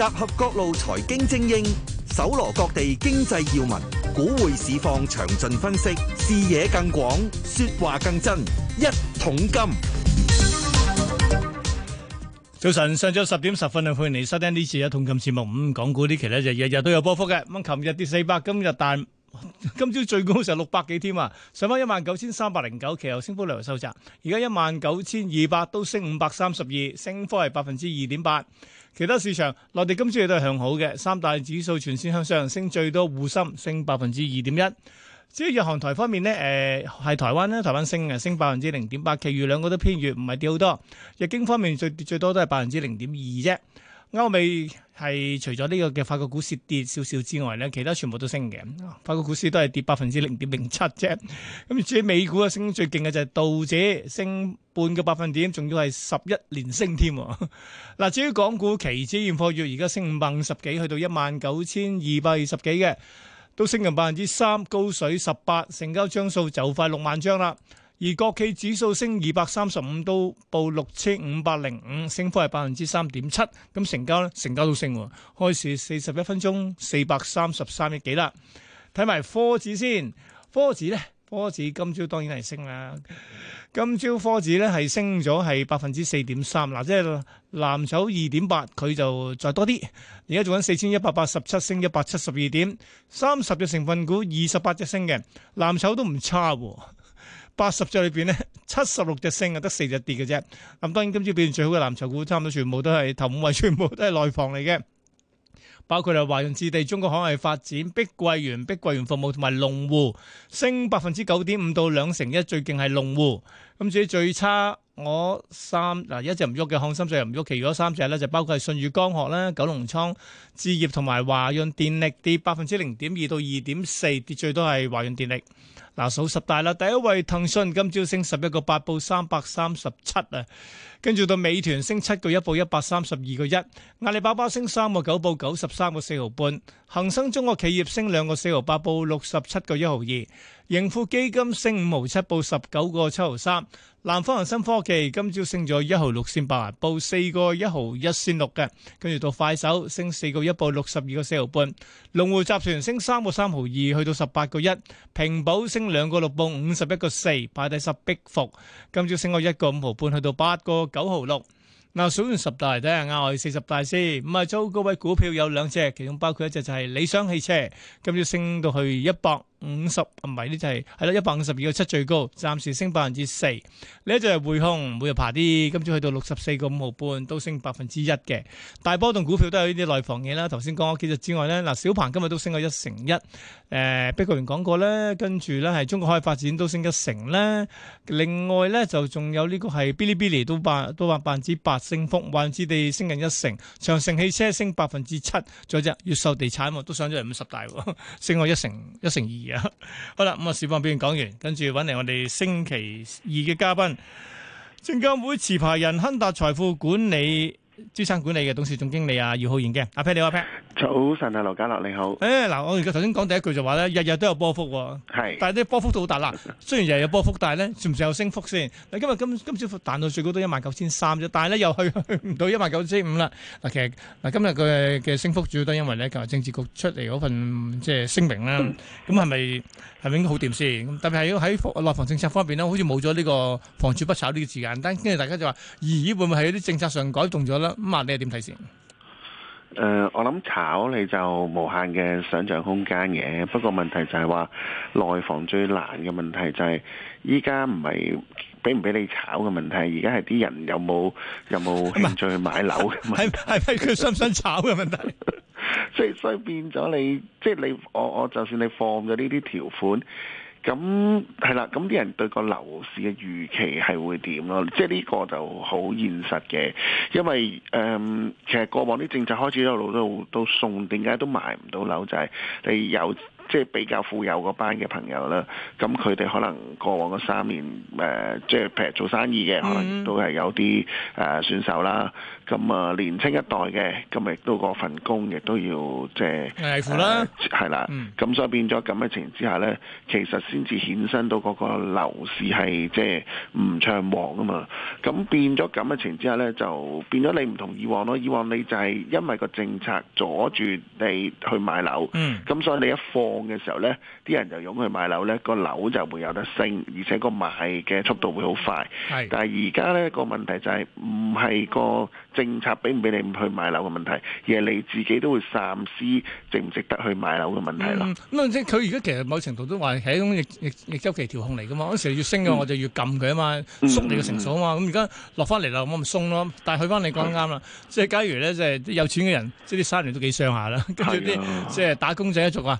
集合各路財經精英，搜羅各地經濟要聞，股匯市況詳盡分析，視野更廣，說話更真。一桶金，早晨，上晝十點十分啊，歡迎嚟收聽呢次一桶金節目。咁，港股呢期呢就日日都有波幅嘅。咁，琴日跌四百，今日但今朝最高就六百幾添啊，上翻，一萬九千三百零九，期後升幅略收窄。而家一萬九千二百都升五百三十二，升幅係百分之二點八。其他市場內地今朝亦都係向好嘅，三大指數全線向上，升最多滬深升百分之二點一。至於日韓台方面呢，誒、呃、係台灣咧，台灣升誒升百分之零點八，其餘兩個都偏弱，唔係跌好多。日經方面最最多都係百分之零點二啫，歐美。係除咗呢個嘅法國股市跌少少之外咧，其他全部都升嘅。法國股市都係跌百分之零點零七啫。咁至於美股啊，升最勁嘅就係道指升半個百分點，仲要係十一連升添。嗱，至於港股期指現貨月而家升五百五十幾，去到一萬九千二百二十幾嘅，都升近百分之三，高水十八，成交張數就快六萬張啦。而國企指數升二百三十五到報六千五百零五，升幅係百分之三點七。咁成交咧，成交都升，開市四十一分鐘四百三十三億幾啦。睇埋科指先，科指咧，科指今朝當然係升啦。今朝科指咧係升咗係百分之四點三。嗱、啊，即係藍籌二點八，佢就再多啲。而家做緊四千一百八十七，升一百七十二點，三十隻成分股二十八隻升嘅，藍籌都唔差喎。八十隻裏邊呢，七十六隻升啊，得四隻跌嘅啫。咁當然今朝表現最好嘅藍籌股，差唔多全部都係頭五位，全部都係內房嚟嘅，包括係華潤置地、中國海外發展、碧桂園、碧桂園服務同埋龍湖，升百分之九點五到兩成一，最勁係龍湖。咁至於最差，我三嗱、啊、一隻唔喐嘅，康心水又唔喐，其餘三隻呢，就包括係信義光能啦、九龍倉置業同埋華潤電力跌，跌百分之零點二到二點四，跌最多係華潤電力。嗱，數十大啦，第一位騰訊今朝升十一個八，報三百三十七啊，跟住到美團升七個一，報一百三十二個一，阿里巴巴升三個九，報九十三個四毫半，恒生中國企業升兩個四毫八，報六十七個一毫二，盈富基金升五毫七，報十九個七毫三，南方恒生科技今朝升咗一毫六線八，報四個一毫一線六嘅，跟住到快手升四個一，報六十二個四毫半，龍湖集團升三個三毫二，去到十八個一，平保升，兩個六磅五十一個四排第十逼伏，今朝升咗一個五毫半，去到八個九毫六。嗱，數完十大嚟睇下，額外四十大先。五啊周高位股票有兩隻，其中包括一隻就係理想汽車，今朝升到去一百。五十唔係呢就係係啦，一百五十二個七最高，暫時升百分之四。呢一隻係匯控，每日爬啲，今朝去到六十四個五毫半，都升百分之一嘅。大波動股票都有呢啲內房嘢啦，頭先講咗幾隻之外咧，嗱，小鵬今日都升咗一成一。誒、呃，碧桂園講過咧，跟住咧係中國海發展都升一成咧。另外咧就仲有呢個係嗶哩嗶哩都百都八百分之八升幅，百分之二升近一成。長城汽車升百分之七，再隻越秀地產都上咗嚟五十大，升咗一成一成二。 好啦，咁啊，時光片講完，跟住揾嚟我哋星期二嘅嘉賓，證監會持牌人亨達財富管理資產管理嘅董事總經理啊，姚浩然嘅阿 Pat，你好阿 Pat，早晨啊劉家樂，你好。誒，嗱、哎，我而家頭先講第一句就話咧，日日都有波幅，哦，係是，但係啲波幅都好大啦。雖然日日有波幅，但係咧，算唔算有升幅先？嗱，今日今今朝彈到最高都一萬九千三啫，但係咧又去唔到一萬九千五啦。嗱，其實嗱今日嘅嘅升幅主要都因為咧，就係政治局出嚟嗰份即係聲明啦、啊。咁係咪？係咪應該好掂先？特別係喺內房政策方面咧，好似冇咗呢個房住不炒呢個時間，但跟住大家就話：咦，會唔會喺啲政策上改動咗咧？咁啊，你點睇先？誒，我諗炒你就無限嘅想像空間嘅。不過問題就係話內房最難嘅問題就係依家唔係俾唔俾你炒嘅問題，而家係啲人有冇有冇興趣買樓嘅問題？係係佢想唔想炒嘅問題？ 是 即係，所以變咗你，即係你，我我就算你放咗呢啲條款，咁係啦，咁啲人對個樓市嘅預期係會點咯？即係呢個就好現實嘅，因為誒、嗯，其實過往啲政策開始一路都都送，點解都買唔到樓就係你有。即係比較富有嗰班嘅朋友啦，咁佢哋可能過往嗰三年誒，即、呃、係譬如做生意嘅，可能都係有啲誒、呃、選手啦。咁啊，年青一代嘅，咁亦都嗰份工亦都要即係，係、呃、啦。咁所以變咗咁嘅情之下呢，其實先至衍生到嗰個樓市係即係唔暢旺啊嘛。咁變咗咁嘅情之下呢，就變咗你唔同以往咯。以往你就係因為個政策阻住你去買樓，咁、嗯、所以你一放嘅時候咧，啲人就湧去買樓咧，個樓就會有得升，而且個賣嘅速度會好快。係，但係而家咧個問題就係唔係個政策俾唔俾你去買樓嘅問題，而係你自己都會三思值唔值得去買樓嘅問題咯。咁即係佢而家其實某程度都話係一種逆逆逆周期調控嚟噶嘛。嗰時越升嘅我就要撳佢啊嘛，縮你嘅成數啊嘛。咁而家落翻嚟啦，我咪鬆咯。但係佢翻嚟講啱啦，即係假如咧即係啲有錢嘅人，即係啲沙連都幾傷下啦。跟住啲即係打工仔一族啊。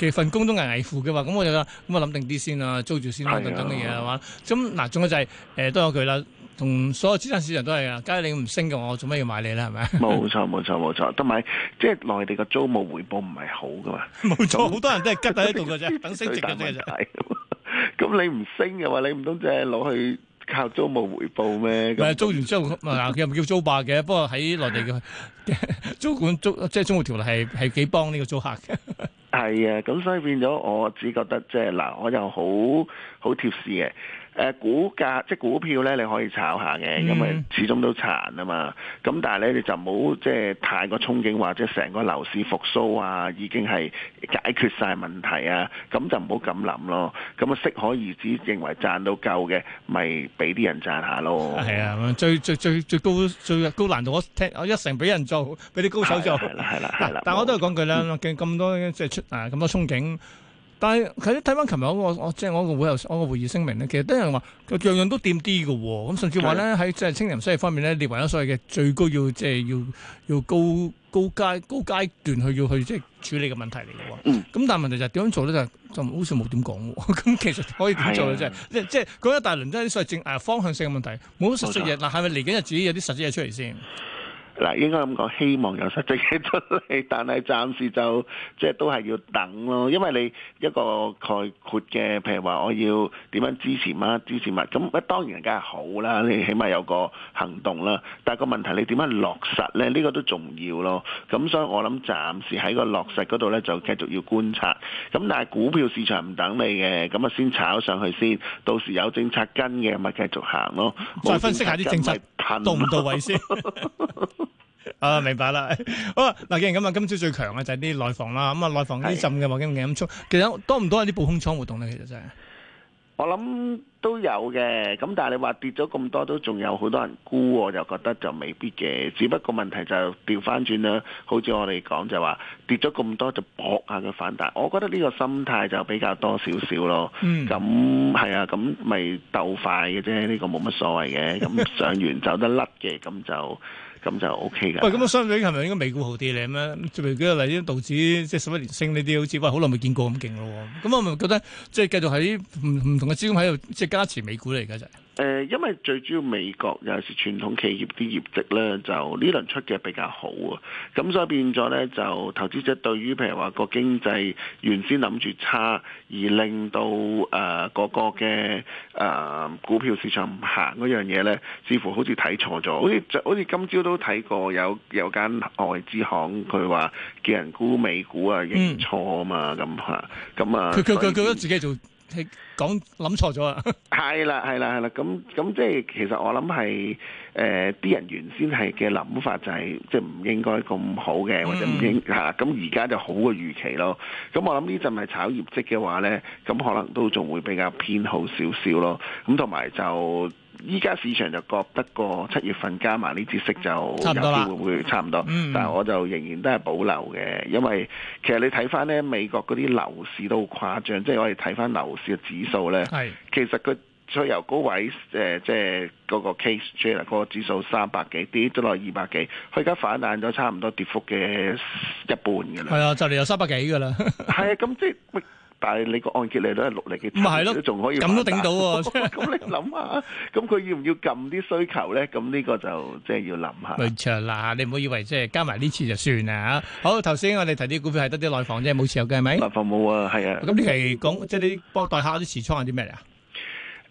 其實份工都危危乎嘅嘛，咁我哋咁啊諗定啲先啦，租住先啦等等嘅嘢係嘛？咁嗱，仲有就係誒都有佢啦，同所有資產市場都係啊。假如你唔升嘅，我做咩要買你咧？係咪？冇錯，冇錯，冇錯。同埋即係內地嘅租務回報唔係好嘅嘛。冇錯，好多人都係吉底喺度嘅啫，等升值嘅啫。係，咁你唔升嘅話，你唔通即係攞去，靠租務回報咩？唔係租完之後，佢，又唔叫租霸嘅。不過喺內地嘅租管租，即係租務條例係係幾幫呢個租客嘅。係 啊，咁所以變咗，我只覺得即係嗱，我又好好貼士嘅。誒、呃、股價即係股票咧，你可以炒下嘅，因為始終都殘啊嘛。咁但係咧，你就唔好即係太過憧憬，或者成個樓市復甦啊，已經係解決晒問題啊。咁就唔好咁諗咯。咁啊，適可而止，認為賺到夠嘅，咪俾啲人賺下咯。係啊，最最最最高最高難度，我聽我一成俾人做，俾啲高手做。係啦、啊，係啦、啊，係啦、啊。但我都係講句啦，咁、嗯、多即係出啊，咁多憧憬。但係睇睇翻，琴日嗰個我即係我個會後我個會議聲明咧，其實都有人話樣樣都掂啲嘅喎。咁甚至話咧，喺即係清廉西方面咧，列為咗所謂嘅最高要即係要要高高階高階段去要去即係處理嘅問題嚟嘅喎。咁、嗯、但係問題就點樣做咧？就就好似冇點講喎。咁 其實可以點做咧？的即係即係講一大輪真係啲所謂正誒方向性嘅問題，冇乜實質嘢嗱，係咪嚟緊日自己有啲實質嘢出嚟先？嗱，應該咁講，希望有實際嘢出嚟，但係暫時就即係都係要等咯。因為你一個概括嘅，譬如話我要點樣支持乜、支持物，咁當然梗係好啦。你起碼有個行動啦。但係個問題，你點樣落實咧？呢個都重要咯。咁所以我諗暫時喺個落實嗰度咧，就繼續要觀察。咁但係股票市場唔等你嘅，咁啊先炒上去先。到時有政策跟嘅，咪繼續行咯。再分析下啲政策行到唔到位先。 啊，明白啦。 好啦，嗱、啊，既然咁啊，今朝最強嘅就係啲內房啦。咁、嗯、啊，內房呢浸嘅話，驚唔驚咁衝？其實多唔多係啲補空倉活動咧？其實真係，我諗都有嘅。咁但係你話跌咗咁多，都仲有好多人沽，我就覺得就未必嘅。只不過問題就調翻轉啦，好似我哋講就話跌咗咁多就搏下佢反彈。我覺得呢個心態就比較多少少咯。咁係、嗯、啊，咁咪鬥快嘅啫。呢、這個冇乜所謂嘅。咁上完走得甩嘅，咁就。 咁就 O K 嘅。喂，咁啊，相對係咪應該美股好啲咧？咁樣譬如舉個例子，道指即係十一連升呢啲，好似喂好耐未見過咁勁咯。咁我咪覺得即係繼續喺唔唔同嘅資金喺度即係加持美股嚟噶就。誒，因為最主要美國又是傳統企業啲業績咧，就呢輪出嘅比較好啊，咁所以變咗咧，就投資者對於譬如話個經濟原先諗住差，而令到誒、呃、個嘅誒、呃、股票市場唔行嗰樣嘢咧，似乎好似睇錯咗，好似就好似今朝都睇過有有間外資行佢話叫人估美股啊認錯啊嘛，咁嚇、嗯，咁啊，佢佢佢覺得自己做。講諗錯咗啦，係啦係啦係啦，咁咁即係其實我諗係誒啲人原先係嘅諗法就係即係唔應該咁好嘅，或者唔應吓，咁而家就好過預期咯。咁我諗呢陣係炒業績嘅話咧，咁可能都仲會比較偏好少少咯。咁同埋就。依家市場就覺得個七月份加埋呢節息就有機會會差唔多。嗯嗯，但係我就仍然都係保留嘅，因為其實你睇翻咧美國嗰啲樓市都好誇張，即係我哋睇翻樓市嘅指數咧，是其實佢再由高位誒、呃、即係嗰個 case，chart 個指數三百幾跌咗落二百幾，佢而家反彈咗差唔多跌幅嘅一半嘅啦。係啊，就嚟有三百幾嘅啦。係、 啊，咁即係但係你個按揭利率都係六釐幾，咁咪係咯，仲可以咁都頂到喎、啊。咁 你諗下，咁佢要唔要撳啲需求咧？咁呢個就即係要諗下。冇錯啦，你唔好以為即係加埋呢次就算啊！好，頭先我哋提啲股票係得啲內房啫，冇持有嘅係咪？內房冇啊，係啊。咁呢期講即係你幫代客啲持倉係啲咩嚟啊？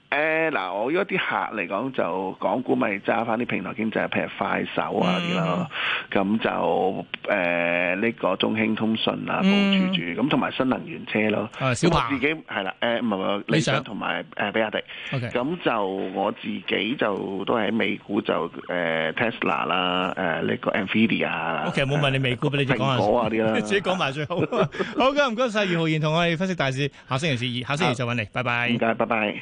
誒，嗱，我如果啲客嚟講就港股咪揸翻啲平台經濟，譬如快手啊啲咯，咁就誒呢個中興通訊啊，保住住，咁同埋新能源車咯。小鵬自己係啦，誒，唔係唔係，理想同埋誒比亞迪。咁就我自己就都係喺美股就誒 Tesla 啦，誒呢個 Nvidia 啦。其實冇問你美股俾你，蘋果啊啲啦。自己講埋最好。好嘅，唔該晒余浩然同我哋分析大市，下星期二，下星期就揾你，拜拜。唔該，拜拜。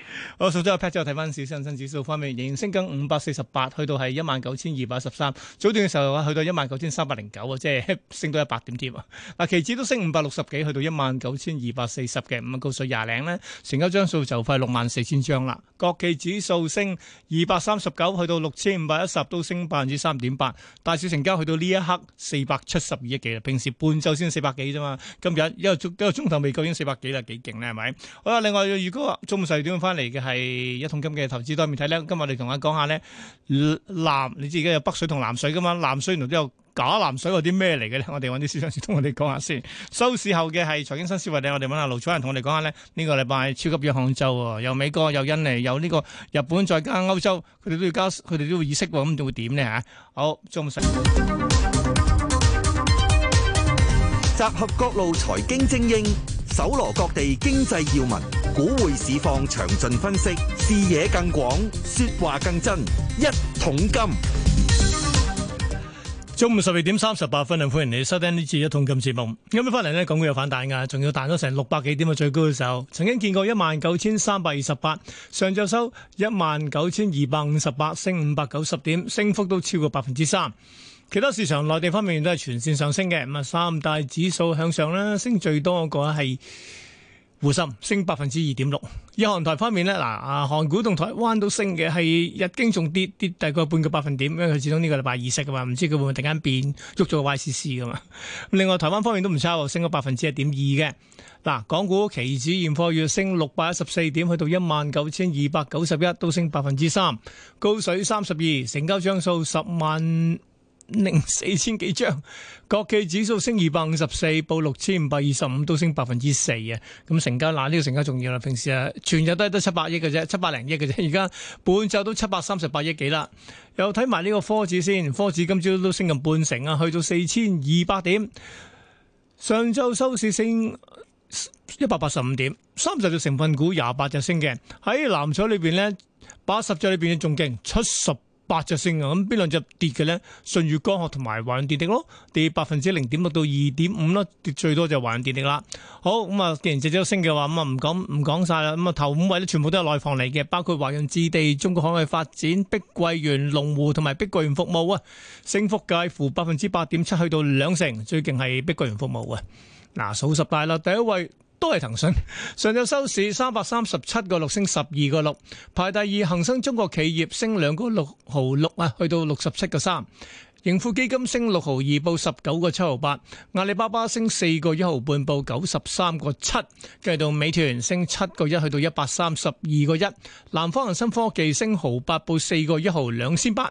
今日 pat 咗睇翻市，上新指數方面，仍然升緊五百四十八，去到係一萬九千二百一十三。早段嘅時候啊，去到一萬九千三百零九啊，即係升到一百點點啊。嗱，期指都升五百六十幾，去到一萬九千二百四十嘅，五個數廿零呢成交張數就快六萬四千張啦。國企指數升二百三十九，去到六千五百一十，都升百分之三點八。大小成交去到呢一刻四百七十二億幾啦，平時半晝先四百幾啫嘛，今日一個鐘一,一個鐘頭未夠已經四百幾啦，幾勁咧係咪？好啦，另外如果中午時段翻嚟嘅係。係一桶金嘅投資多面睇咧，今日我哋同大家講下咧，南，你自己有北水同南水噶嘛？南水原來都有假南水，有啲咩嚟嘅咧？我哋揾啲先生先同我哋講下先。收市後嘅係財經新思維，我哋揾阿盧彩雲同我哋講下咧。呢個禮拜超級弱，杭州又美國又印尼又呢個日本，再加歐洲，佢哋都要交，佢哋都要意識咁，仲會點咧嚇？好，中午息，集合各路財經精英，搜羅各地經濟要聞。股匯市況詳盡分析，視野更廣，說話更真。一桶金，中午十二點三十八分啊！歡迎你收聽呢次一桶金節目。今日翻嚟呢，港股有反彈㗎，仲要彈咗成六百幾點啊，最高嘅時候，曾經見過一萬九千三百二十八，上晝收一萬九千二百五十八，升五百九十點，升幅都超過百分之三。其他市場內地方面都係全線上升嘅，咁啊三大指數向上啦，升最多嗰個係。滬深升百分之二點六，以韓台方面呢，嗱，啊，韓股同台灣都升嘅，係日經仲跌,跌跌大概半個百分點，因為佢始終呢個禮拜二息噶嘛，唔知佢會唔會突然間變喐咗個 YCC 噶嘛。咁另外台灣方面都唔差喎，升咗百分之一點二嘅嗱，港股期指現貨月升六百一十四點，去到一萬九千二百九十一，都升百分之三，高水三十二，成交張數十萬。零四千幾張，國企指數升二百五十四，報六千五百二十五，都升百分之四啊！咁成交，嗱呢個成交重要啦。平時啊，全日都係得七百億嘅啫，七百零億嘅啫。而家半晝都七百三十八億幾啦。又睇埋呢個科指先，科指今朝都升近半成啊，去到四千二百點。上晝收市升一百八十五點，三十隻成分股廿八隻升嘅，喺藍籌裏邊呢，八十隻裏邊嘅仲勁，七十。八隻升啊，咁邊兩隻跌嘅咧？舜宇光學同埋華潤電力咯，跌百分之零點六到二點五啦，跌最多就華潤電力啦。好，咁啊，既然隻隻都升嘅話，咁啊唔講唔講晒啦。咁啊頭五位咧，全部都係內房嚟嘅，包括華潤置地、中國海外發展、碧桂園、龍湖同埋碧桂園服務啊，升幅介乎百分之八點七去到兩成，最勁係碧桂園服務啊。嗱，數十大啦，第一位。都係騰訊，上晝，收市三百三十七個六，升十二個六，排第二。恒生中國企業升兩個六毫六啊，去到六十七個三。盈富基金升六毫二，報十九個七毫八；阿里巴巴升四個一毫半，報九十三個七；再到美團升七個一，去到一百三十二個一；南方恒生科技升毫八，報四個一毫兩仙八；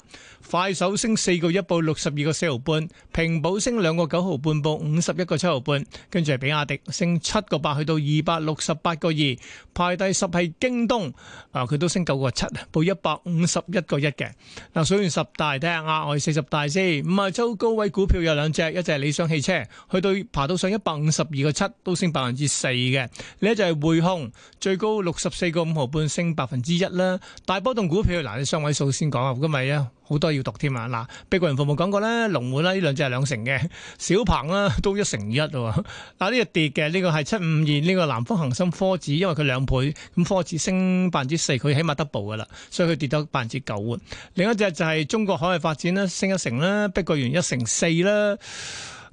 快手升四個一，報六十二個四毫半；平保升兩個九毫半，報五十一個七毫半；跟住係比亞迪升七個八，去到二百六十八個二；排第十係京東，啊佢都升九個七，報一百五十一個一嘅。嗱，數完十大睇下額外四十大先。五十周高位股票有兩隻，一隻係理想汽車，去到爬到上一百五十二個七，都升百分之四嘅。另一隻係匯控，最高六十四個五毫半，升百分之一啦。大波動股票嗱，你雙位數先講啊，今咪啊。好多要讀添啊！嗱，碧桂園服務講過咧，龍門啦，呢兩隻係兩成嘅，小鵬啦都一成一喎。嗱呢個跌嘅，呢個係七五二，呢個南方恒生科指，因為佢兩倍，咁科指升百分之四，佢起碼 double 噶啦，所以佢跌咗百分之九。另一隻就係中國海外發展啦，升一成啦，碧桂園一成四啦。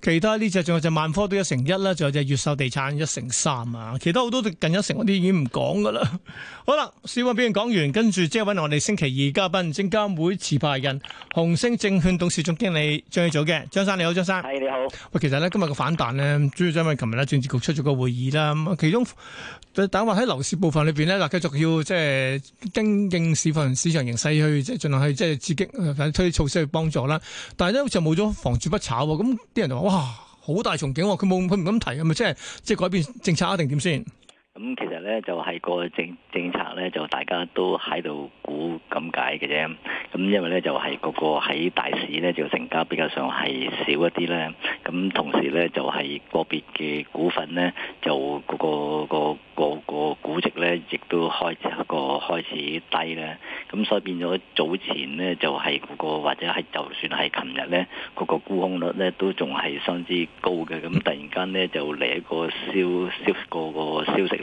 其他呢隻仲有隻萬科都 1, 一成一啦，仲有隻越秀地產一成三啊，其他好多近一成我哋已經唔講噶啦。 好啦，市話表現講完，跟住即係揾我哋星期二嘉賓，證監會持牌人、紅星證券董事總經理張志祖嘅張生你好，張，張生，你好。喂，hey，其實呢，今日個反彈呢，主要姐咪琴日呢政治局出咗個會議啦，咁其中等係話喺樓市部分裏邊呢，嗱繼續要即係應應市份市場形勢去即係進行去即係刺激推措施去幫助啦。但係呢，好似冇咗房住不炒喎，咁啲人就話啊，好大憧憬，佢冇佢唔敢提，係咪即係即係改變政策啊？定點先？咁其實咧就係個政政策咧，就大家都喺度估咁解嘅啫。咁因為咧就係個個喺大市咧就成交比較上係少一啲咧。咁同時咧就係個別嘅股份咧、那個，就、那、嗰個個個個估值咧，亦都開始一個開始低咧。咁所以變咗早前咧就係嗰、那個或者係就算係琴日咧，嗰、那個沽空率咧都仲係相之高嘅。咁突然間咧就嚟一個消消個個消息。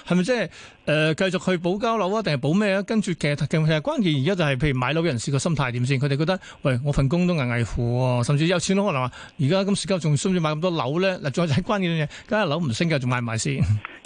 係咪即係誒繼續去保交樓啊？定係保咩啊？跟住其實其實關鍵而家就係、是、譬如買樓嘅人士個心態點先？佢哋覺得喂，我份工都危危乎，甚至有錢都、啊、可能話而家咁時急，仲需唔需要買咁多樓咧？嗱，再就係關鍵嘅嘢，梗係樓唔升嘅，仲買唔買先？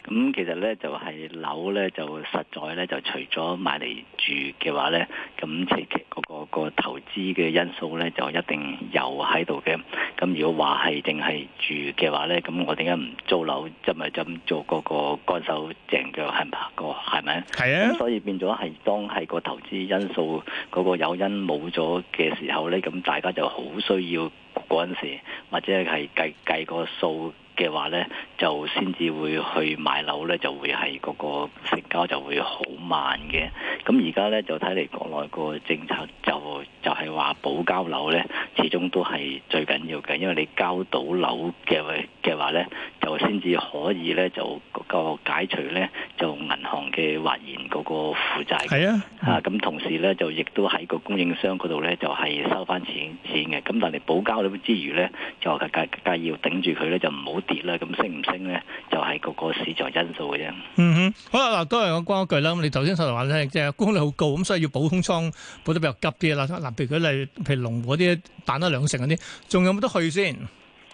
咁其實咧就係樓咧就實在咧就除咗買嚟住嘅話咧，咁其嗰個個投資嘅因素咧就一定有喺度嘅。咁如果話係淨係住嘅話咧，咁我點解唔租樓，即係咁做嗰個乾手淨腳就係唔係咪？係啊。所以變咗係當係個投資因素嗰個誘因冇咗嘅時候咧，咁大家就好需要嗰陣時或者係計計個數。嘅話咧，就先至會去買樓咧，就會係嗰個成交就會好慢嘅。咁而家咧就睇嚟國內個政策就就係話保交樓咧，始終都係最緊要嘅，因為你交到樓嘅嘅話咧，就先至可以咧就個解除咧就銀行嘅或然嗰個負債。係啊，吓、啊，咁同時咧就亦都喺個供應商嗰度咧就係、是、收翻錢錢嘅。咁但係保交樓之餘咧就係介介要頂住佢咧就唔好，跌啦，咁升唔升咧，就係個個市場因素嘅啫。嗯哼，好啦，嗱，都係我關一句啦。咁你頭先開頭話咧，即係沽率好高，咁所以要補空倉補得比較急啲啦。嗱，譬如佢例，譬如龍股啲，彈咗兩成嗰啲，仲有冇得去先？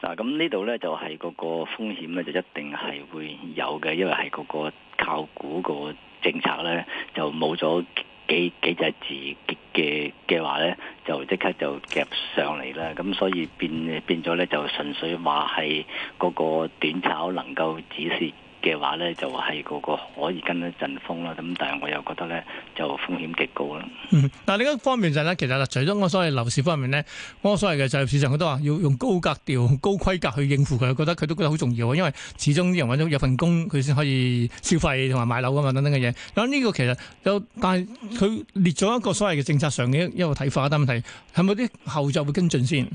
嗱，咁呢度咧就係個個風險咧，就一定係會有嘅，因為係個個靠股個政策咧，就冇咗。幾幾隻字嘅嘅話咧，就即刻就夾上嚟啦，咁所以變變咗咧，就純粹話係嗰個短炒能夠止蝕。嘅話咧，就係嗰個可以跟一陣風啦。咁但係我又覺得咧，就風險極高啦。嗯，嗱，另一方面就係咧，其實除咗我所謂樓市方面咧，我所謂嘅就業市場佢都話要用高格調、高規格去應付佢，覺得佢都覺得好重要。因為始終啲人揾咗有份工，佢先可以消費同埋買樓啊嘛，等等嘅嘢。咁呢個其實有，但係佢列咗一個所謂嘅政策上嘅一個睇法。但問題係咪啲後續會跟進先？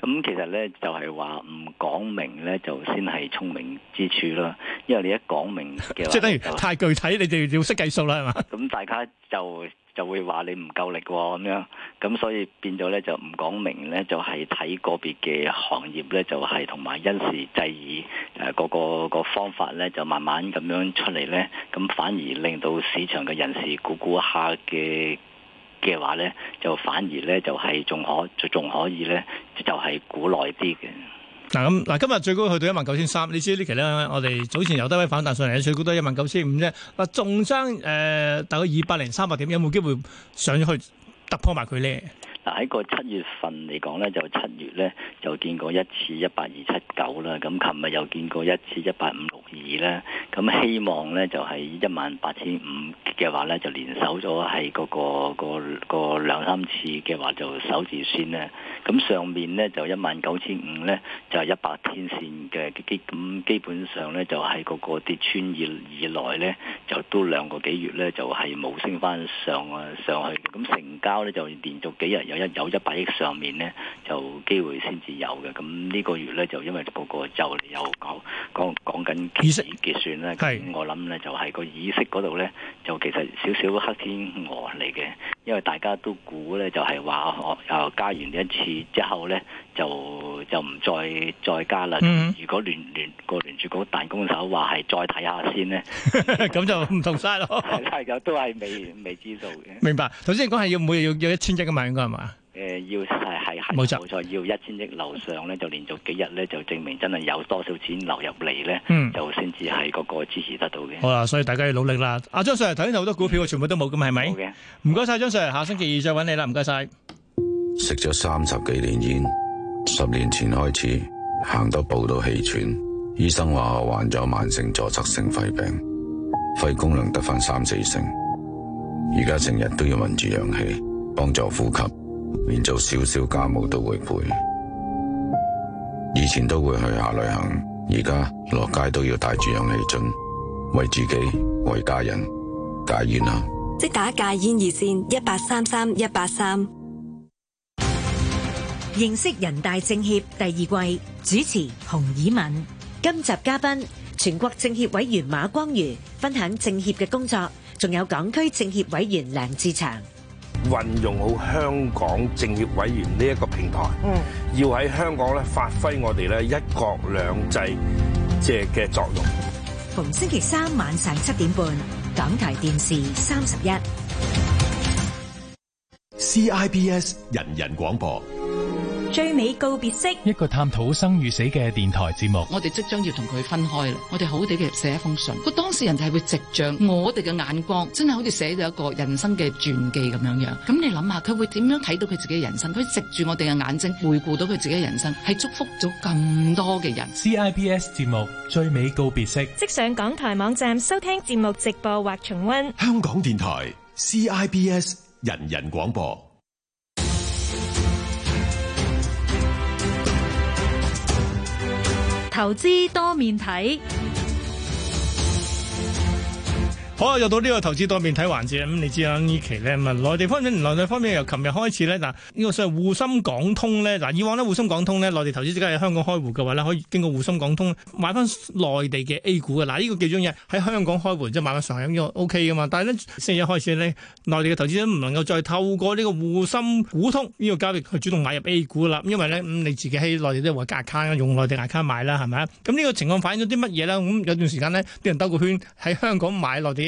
咁其實咧就係話唔講明咧就先係聰明之處啦，因為你一講明即係等於太具體，你就要識計數啦，係嘛？咁大家就就會話你唔夠力咁、喎、樣，咁所以變咗咧就唔講明咧就係睇個別嘅行業咧就係同埋因時制宜誒，個個個方法咧就慢慢咁樣出嚟，咧，咁反而令到市場嘅人士估估下嘅。嘅話咧，就反而咧就係仲可，仲可以咧，就係估耐啲嘅。嗱咁，嗱今日最高去到一萬九千三，你知呢期咧，我哋早前有低位反彈上嚟，最高都一萬九千五啫。嗱，仲爭誒大概二百零三百點，有冇機會上去突破埋佢咧？喺個七月份嚟講呢就七月呢，就見過一次一八二七九啦，咁琴日又見過一次一八五六二咧，咁希望呢，就係一萬八千五嘅話呢就連手咗係嗰個、嗰個、嗰個嗰個嗰個兩三次嘅話就守住先咧，咁上面呢，就一萬九千五呢，就係一百天線嘅基，咁基本上呢，就係、係、嗰個跌穿以以來呢，就都兩個幾月呢，就係、係、冇升翻上啊上去，咁成交呢，就連續幾日有。一有一百億上面咧，就機會先至有嘅。咁呢個月咧，就因為個個就又講講講緊結結算啦。是我諗咧就係個意識嗰度咧，就其實少少黑天鵝嚟嘅，因為大家都估咧就係話又加完一次之後咧。就就唔再再加啦。如果聯聯個聯儲局彈弓手話係再睇下先咧，咁就唔同晒咯。都係都係未未知道嘅。明白。頭先你講係要每日要要一千億噶嘛，應該係嘛？誒，要係係係冇錯冇錯，要一千億樓上咧，就連續幾日咧，就證明真係有多少錢流入嚟咧，就先至係個個支持得到嘅。好啦，所以大家要努力啦。阿張 Sir 頭先好多股票全部都冇噶嘛，係咪？冇嘅。唔該晒，張 Sir，下星期二再搵你啦，唔該晒。食咗三十幾年煙。十年前開始行多步都氣喘，醫生話我患咗慢性阻塞性肺病，肺功能得翻三四成。而家成日都要聞住氧氣幫助呼吸，連做少少家務都會背。以前都會去下旅行，而家落街都要帶住氧氣樽，為自己、為家人戒煙啦！即打戒煙熱線一八三三一八三。認識人大政協第二季主持洪以敏，今集嘉賓全國政協委員馬光瑜分享政協嘅工作，仲有港區政協委員梁志祥。運用好香港政協委員呢一個平台，嗯，要喺香港咧發揮我哋咧一國兩制即係嘅作用。逢星期三晚上七點半，港台電視三十一，CIBS 人人廣播。最美告別式，一個探討生與死嘅電台節目。我哋即將要同佢分開啦，我哋好地嘅寫一封信。個當事人就係會直著我哋嘅眼光，真係好似寫咗一個人生嘅傳記咁樣樣。咁你諗下，佢會點樣睇到佢自己嘅人生？佢直住我哋嘅眼睛，回顧到佢自己嘅人生，係祝福咗咁多嘅人。CIBS 節目《最美告別式》，即上港台網站收聽節目直播或重溫。香港電台 CIBS 人人廣播。投資多面睇。好啊，又到呢個投資多面睇環節。咁、嗯、你知啦、啊，期呢期咧咪內地方面，內地方面由琴日開始咧嗱、呢、啊這個所謂滬深港通咧嗱、啊，以往呢，「滬深港通呢，內地投資者喺香港開戶嘅話呢，可以經過滬深港通買翻內地嘅 A 股嘅。嗱、啊、呢、這個幾重要，喺香港開戶即係買翻上嘅呢、這個 O K 噶嘛。但係星期一開始呢，內地嘅投資者唔能夠再透過呢個滬深股通呢個交易去主動買入 A 股啦、啊。因為呢，咁、嗯、你自己喺內地都有個卡，用內地銀卡買啦，係咪啊？咁、嗯、呢、這個情況反映咗啲乜嘢呢？咁、嗯、有段時間呢，啲人兜個圈喺香港買內地。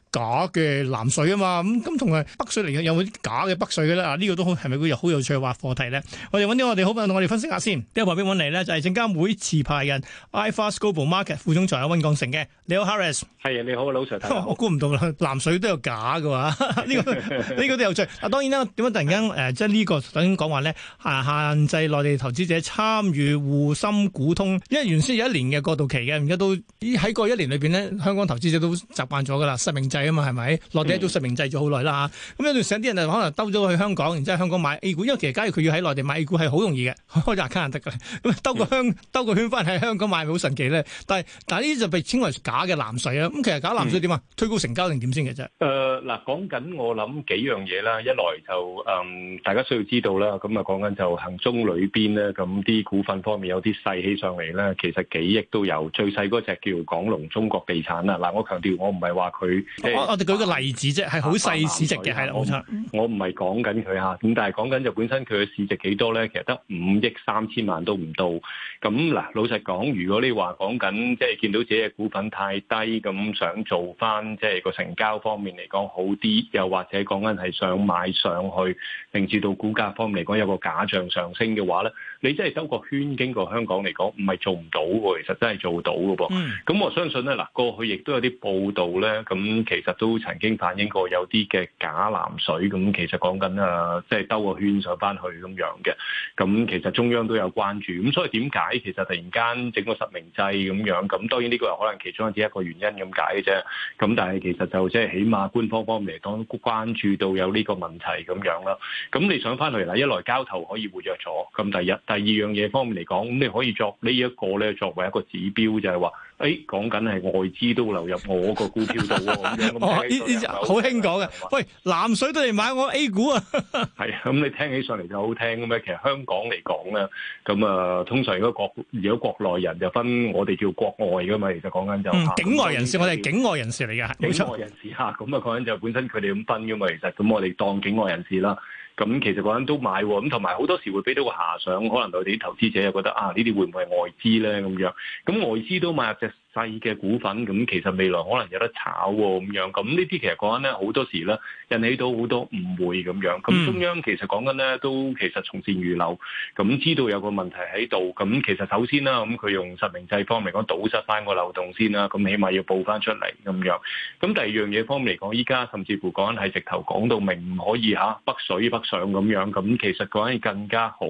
假嘅南水啊嘛，咁咁同埋北水嚟嘅有冇啲假嘅北水嘅咧？啊呢、這個都好，係咪會又好有趣嘅話課題咧？我哋揾啲我哋好，朋友同我哋分析下先。啲外邊揾嚟咧，就係證監會持牌人 iFAST Global Market 副總裁啊，溫港成嘅。你好，Harris。係 Har 啊，你好老實。 我估唔到啦，南水都有假嘅喎，呢、啊這個呢 個都有趣。啊，當然啦，點解突然間誒，即、呃、係、這個、呢個想講話咧，啊限制內地投資者參與滬深股通，因為原先有一年嘅過渡期嘅，而家都喺過一年裏邊咧，香港投資者都習慣咗㗎啦，實名制。啊嘛，係咪？內地都實名制咗好耐啦嚇。咁有陣時啲人就可能兜咗去香港，然之後香港買 A 股。因為其實假如佢要喺內地買 A 股，係好容易嘅，開隻 account 得嘅。咁兜個香兜個圈翻嚟喺香港買，咪好神奇咧。但係但係呢啲就被稱為假嘅藍水啊。咁其實假藍水點啊？推高成交定點先嘅啫。誒嗱，講緊我諗幾樣嘢啦。一來就誒，大家需要知道啦。咁啊，講緊就行中裏邊咧，咁啲股份方面有啲細起上嚟咧，其實幾億都有。最細嗰隻叫港龍中國地產啊。嗱，我強調我唔係話佢。嗯、我哋舉個例子啫，係好細市值嘅，係啦，冇錯。我唔係講緊佢嚇，咁、嗯、但係講緊就本身佢嘅市值幾多咧？其實得五億三千萬都唔到。咁嗱，老實講，如果你話講緊即係見到自己嘅股份太低，咁想做翻即係個成交方面嚟講好啲，又或者講緊係想買上去，定至到股價方面嚟講有個假象上升嘅話咧。你真係兜個圈經過香港嚟講，唔係做唔到喎，其實真係做到嘅噃。咁、mm. 我相信咧，嗱過去亦都有啲報道咧，咁其實都曾經反映過有啲嘅假藍水，咁其實講緊啊，即係兜個圈上翻去咁樣嘅。咁其實中央都有關注，咁所以點解其實突然間整個實名制咁樣？咁當然呢個可能其中一啲一個原因咁解嘅啫。咁但係其實就即係起碼官方方面嚟講關注到有呢個問題咁樣啦。咁你想翻去，嗱，一來交投可以活躍咗，咁第一。第二樣嘢方面嚟講，咁你可以作呢一個咧，作為一個指標，就係、是、話，誒講緊係外資都流入我個股票度咁樣。好興講嘅， 哦嗯、喂，南水都嚟買我 A 股啊！係 咁、嗯，你聽起上嚟就好聽嘅咩？其實香港嚟講咧，咁、嗯、啊，通常如果國如果國內人就分我哋叫國外噶嘛，其實講緊就是嗯、境外人士，我哋係境外人士嚟㗎，錯境外人士吓，咁啊，講緊就本身佢哋咁分噶嘛，其實咁我哋當境外人士啦。咁其實嗰陣都買喎，咁同埋好多時會俾到個遐想，可能我哋啲投資者又覺得啊，呢啲會唔會係外資咧咁樣？咁外資都買隻細嘅股份咁，其實未來可能有得炒喎咁樣。咁呢啲其實講緊咧，好多時咧引起到好多誤會咁樣。咁中央其實講緊咧都其實從善如流，咁知道有個問題喺度。咁其實首先啦，咁佢用實名制方面講，堵塞翻個漏洞先啦。咁起碼要報翻出嚟咁樣。咁第二樣嘢方面嚟講，依家甚至乎講緊係直頭講到明，唔可以嚇北水北上咁樣。咁其實講緊更加好。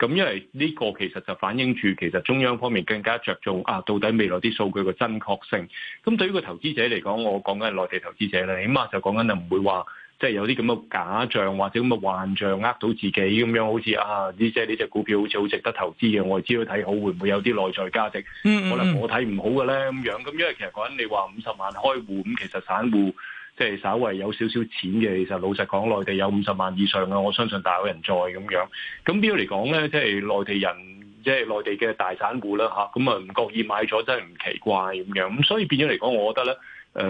咁因為呢個其實就反映住其實中央方面更加着重啊，到底未來啲數據。佢個真確性，咁對於個投資者嚟講，我講緊係內地投資者咧，起碼就講緊就唔會話即係有啲咁嘅假象或者咁嘅幻象呃到自己咁樣，好似啊呢隻呢隻股票好似好值得投資嘅，我知佢睇好會唔會有啲內在價值？可能我睇唔好嘅咧咁樣。咁因為其實講緊你話五十萬開戶，咁其實散戶即係稍為有少少錢嘅，其實老實講，內地有五十萬以上嘅，我相信大有人在咁樣。咁比如嚟講咧，即係內地人，即係內地嘅大散戶啦嚇，咁啊唔覺意買咗真係唔奇怪咁樣，咁所以變咗嚟講，我覺得咧，誒、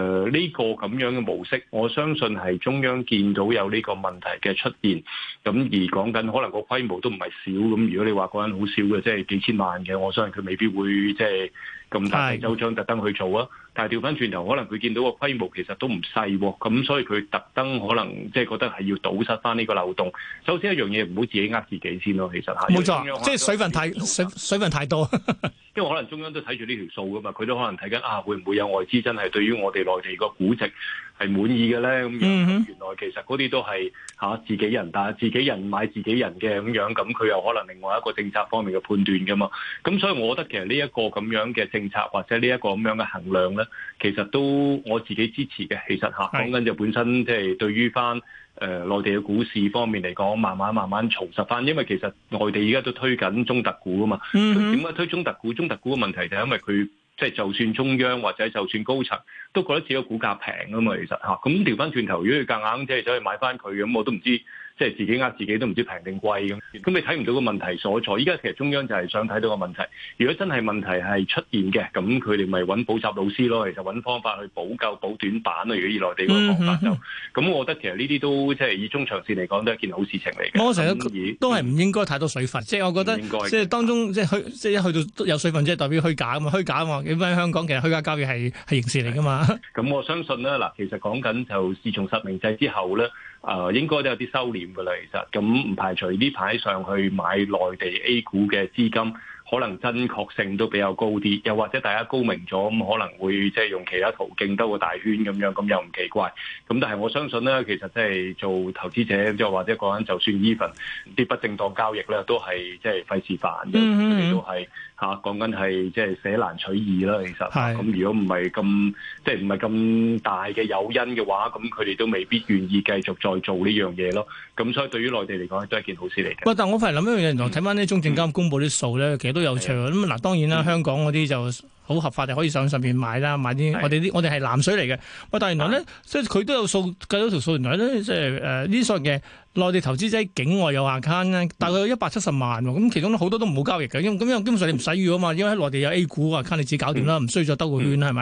呃、呢、這個咁樣嘅模式，我相信係中央見到有呢個問題嘅出現，咁而講緊可能個規模都唔係少咁。如果你話講緊好少嘅，即係幾千萬嘅，我相信佢未必會即係。咁大周章特登去做啊。但係調翻轉頭，可能佢見到個規模其實都唔細喎，咁所以佢特登可能即係覺得係要堵塞翻呢個漏洞。首先一樣嘢唔好自己呃自己先咯，啊，其實係。冇錯，即係水分太水水分太多， 因為可能中央都睇住呢條數噶嘛，佢都可能睇緊啊，會唔會有外資真係對於我哋內地個估值係滿意嘅咧？咁、嗯、哼原來其實嗰啲都係嚇、啊、自，自己人，但係自己人買自己人嘅咁樣，咁佢又可能另外一個政策方面嘅判斷噶嘛。咁所以我覺得其實呢一個咁樣嘅政策或者呢一個咁樣嘅衡量咧，其實都我自己支持嘅。其實嚇，講緊就本身即係對於翻誒、呃、內地嘅股市方面嚟講，慢慢慢慢重拾翻。因為其實內地而家都推緊中特股啊嘛。點解、嗯、哼推中特股？中特股嘅問題就係因為佢即係就算中央或者就算高層都覺得自己個股股價平啊嘛。其實嚇，咁調翻轉頭，如果佢夾硬即係走去買翻佢，咁我都唔知。即係自己呃自己都唔知平定貴咁，咁你睇唔到個問題所在。依家其實中央就係想睇到個問題。如果真係問題係出現嘅，咁佢哋咪揾補習老師咯。其實揾方法去補救補短板咯。如果以內地嗰個方法、嗯、就，咁、嗯、我覺得其實呢啲都即係以中長線嚟講都係一件好事情嚟嘅。我都係唔、嗯、應該太多水分，嗯、即係我覺得即係當中即係去即係一去到有水分，即係代表虛假啊嘛。虛假啊嘛。咁喺香港其實虛假交易係係刑事嚟㗎嘛。咁對 我相信咧嗱，其實講緊就自從實名制之後咧，啊應該都有啲收斂。其實咁唔排除呢排上去買內地 A 股嘅資金。可能真確性都比較高啲，又或者大家高明咗咁，可能會即係用其他途徑兜個大圈咁樣，咁又唔奇怪。咁但係我相信咧，其實即係做投資者即係或者講緊，就算 even 啲不正當交易咧，都係即係費事煩嘅，佢哋、嗯嗯、都係嚇講緊係即係捨難取易啦。其實咁是如果唔係咁即係唔係咁大嘅誘因嘅話，咁佢哋都未必願意繼續再做呢樣嘢咯。咁所以對於內地嚟講，都係一件好事嚟嘅。喂，但我反而諗一樣嘢，我睇翻呢中證監公佈啲數咧，幾多、嗯？其實都都有長咁嗱，當然啦，香港嗰啲就好合法，就可以上上面買啦，買啲的我哋啲我哋係藍水嚟嘅。喂，但原來咧，啊、即係佢都有數計到條數，原來咧即係誒呢啲嘅內地投資者境外有限 c c o u 咧，但係有一百七十萬喎。咁其中好多都唔好交易嘅，因咁因基本上你唔使要啊嘛，因為喺內地有 A 股啊 a c c o u 搞掂啦，唔、嗯、需要再兜個圈啦，係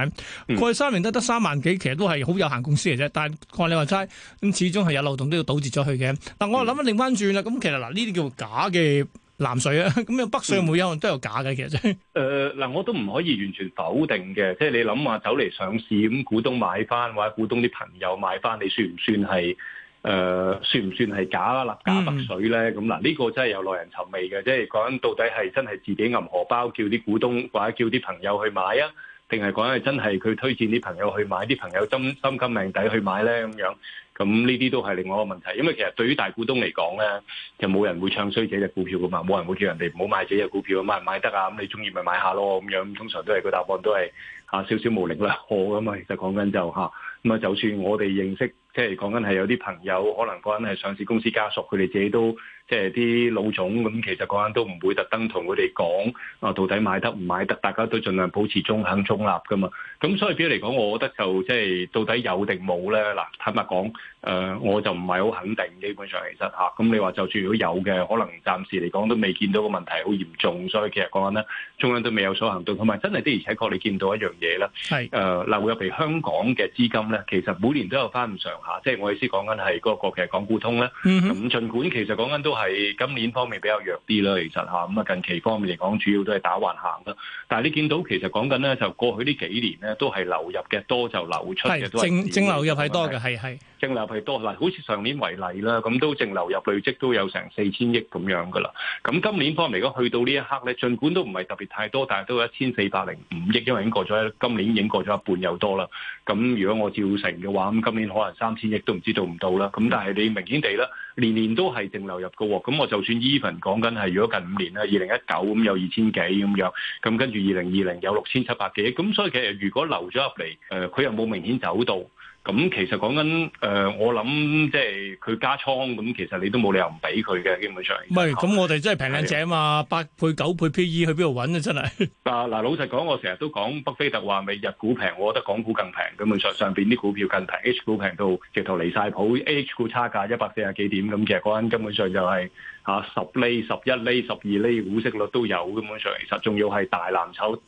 咪？過去三年都得三萬幾，其實都係好有限公司嚟啫。但係你話猜咁始終係有漏洞都要倒置咗去嘅。但我諗一轉翻轉啦，咁其實嗱，呢啲、嗯、叫假嘅。南水啊，咁啊北水每一樣都有假嘅，其實真、即係。誒嗱、呃，我都唔可以完全否定嘅，即係你諗下，走嚟上市咁，股東買翻或者股東啲朋友買翻，你算唔算係誒、呃？算唔算係假立假北水咧？咁嗱，呢、這個真係有耐人尋味嘅，即係講到底係真係自己揞荷包叫，叫啲股東或者叫啲朋友去買啊？定係講係真係佢推薦啲朋友去買，啲朋友心甘命抵去買咧咁樣，咁呢啲都係另外一個問題。因為其實對於大股東嚟講咧，就冇人會唱衰這隻股票噶嘛，冇人會叫人哋唔好買這隻股票啊，買買得啊，咁你中意咪買下咯咁樣。通常都係、個答案都係嚇、啊、少少無力利可咁嘛。其實講緊就嚇、是、咁啊，就算我哋認識，即係講緊係有啲朋友，可能講緊係上市公司家屬，佢哋自己都。即係啲老總咁，其實講緊都唔會特登同佢哋講啊，到底買得唔買得？大家都盡量保持中肯中立㗎嘛。咁所以，表嚟講，我覺得就即係到底有定冇咧？嗱，坦白講，誒，我就唔係好肯定。基本上，其實嚇咁你話，就算如果有嘅，可能暫時嚟講都未見到個問題好嚴重。所以其實講緊咧，中央都未有所行動。同埋真係，的而且確你見唔到一樣嘢啦。係誒流入嚟香港嘅資金咧，其實每年都有翻咁上下。即係我意思講緊係嗰個其實港股通咧。嗯哼。咁儘管其實講緊都。係今年方面比較弱啲啦，其實嚇咁啊，近期方面嚟講，主要都係打橫行啦。但係你見到其實講緊咧，就過去呢幾年咧，都係流入嘅多，就流出嘅多。淨淨流入係多嘅，係係淨流入係多嗱。好似上年為例啦，咁都淨流入累積都有成四千億咁樣噶啦。咁今年方面如果去到呢一刻咧，儘管都唔係特別太多，但係都有一千四百零五億，因為已經過咗今年已經過咗一半又多啦。咁如果我照成嘅話，咁今年可能三千億都唔知做唔到啦。咁但係你明顯地咧。嗯年年都係淨流入嘅喎，咁我就算 even 講緊係。如果近五年咧，二零一九咁有二千幾咁樣，咁跟住二零二零有六千七百幾，咁所以其實如果流咗入嚟，誒、呃、佢又冇明顯走到。咁、嗯、其實講緊誒，我諗即係佢加倉，咁其實你都冇理由唔俾佢嘅，基本上。唔係喂，咁、嗯、我哋真係平靚正啊嘛，八、就是、倍、九倍 P/E 去邊度揾啊？真係。嗱嗱、呃，老實講，我成日都講北飛特話未，日股平，我覺得港股更平，咁本上上邊啲股票更平，H 股平到直頭離晒譜 H 股差價一百四十幾點咁、嗯，其實嗰陣根本上就係吓十厘、十一厘、十二厘股息率都有，根本上其實仲要係大藍籌。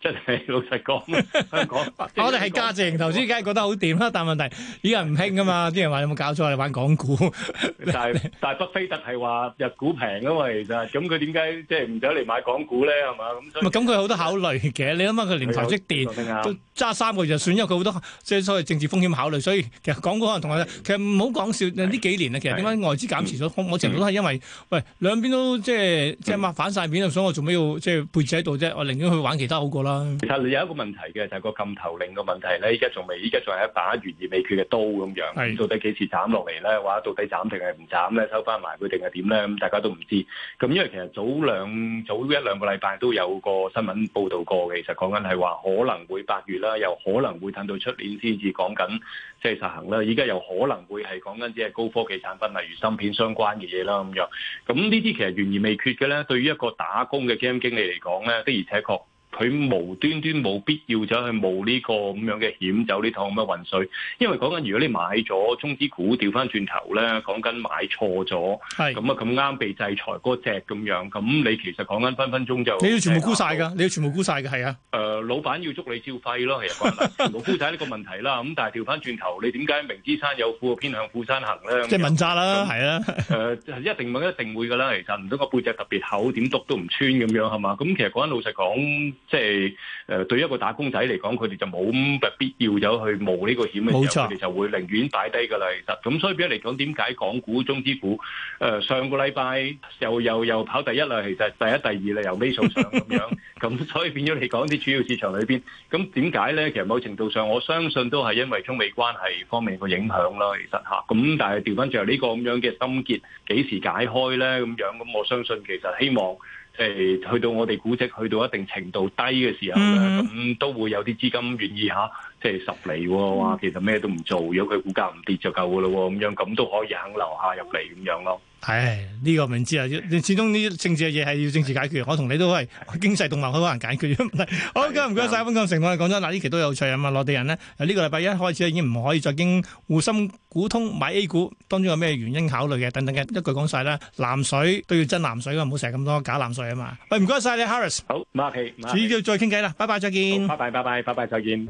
真係老實講，香港我哋係價值型投資，梗係覺得好掂啦。但問題依家唔興啊嘛，啲人話你有冇搞錯？你玩港股，但但畢菲特係話入股平啊嘛，其實咁佢點解即係唔走嚟買港股咧？係嘛咁？咁，佢好多考慮嘅。你諗下，佢連台積電揸三個月就損咗佢好多，即係所謂政治風險考慮。所以其實港股可能同埋，其實唔好講笑。呢幾年其實點解外資減持咗？好多程度都係因為喂，兩邊都即係即係抹反晒面啊，所以我做咩要即係配置喺度啫？我寧願去玩其他好過。其實你有一個問題嘅，就係個禁投令嘅問題咧。依家仲未，依家仲係一把懸而未決嘅刀咁樣，咁到底幾時斬落嚟咧？話到底斬定係唔斬咧？收翻埋佢定係點咧？咁大家都唔知。咁因為其實早兩早一兩個禮拜都有個新聞報導過，其實講緊係話可能會八月啦，又可能會等到出年先至講緊即係實行啦。依家又可能會係講緊只係高科技產品，例如芯片相關嘅嘢啦咁樣。咁呢啲其實懸而未決嘅咧，對於一個打工嘅基金經理嚟講咧，的而且確。佢無端端冇必要走去冒呢個咁樣嘅險，走呢趟咁嘅渾水。因為講緊如果你買咗中資股，調翻轉頭咧，講緊買錯咗，咁啊咁啱被制裁嗰隻咁樣，咁你其實講緊分分鐘就你要全部沽晒㗎，欸、你要全部沽晒㗎，係啊。誒、呃，老闆要捉你照肺咯，其實全部沽曬呢個問題啦。咁 但係調翻轉頭，你點解明知山有虎，偏向虎山行咧？即係問責啦，係啦、嗯。誒的，一定問，一定會㗎啦。其實唔通個背脊特別厚，點篤都唔穿咁樣係嘛？咁其實講緊老實講。即係誒對一個打工仔嚟講，佢哋就冇咁嘅必要有去冒呢個險嘅時候，佢哋就會寧願擺低㗎啦。其實咁所以變咗嚟講，點解港股中資股誒上個禮拜又又又跑第一啦？其實第一、第二咧由尾數上咁樣，咁所以變咗嚟講啲主要市場裏邊，咁點解咧？其實某程度上，我相信都係因為中美關係方面個影響啦。其實嚇，咁但係調翻轉頭呢個咁樣嘅心結幾時解開咧？咁樣咁我相信其實希望。即係去到我哋估值，去到一定程度低嘅時候咁、mm. 都會有啲資金願意吓，即係十厘喎、哦、其實咩都唔做，如果佢股價唔跌就夠噶咯，咁樣咁都可以肯留下入嚟，咁樣咯。唉，呢、這個明知啊！始終呢啲政治嘅嘢係要政治解決。我同你都係經濟動物，好難解決。好，今日唔該晒咁情況嚟講，真嗱呢期都有趣啊嘛！內地人咧，呢、這個禮拜一開始已經唔可以再經滬深股通買 A 股，當中有咩原因考慮嘅等等嘅一句講晒啦。藍水都要真藍水，唔好成日咁多假藍水啊嘛。喂，唔該晒你，Harris。好，唔客氣。主再傾偈啦，拜拜，再見。拜拜，拜拜，拜拜，再見。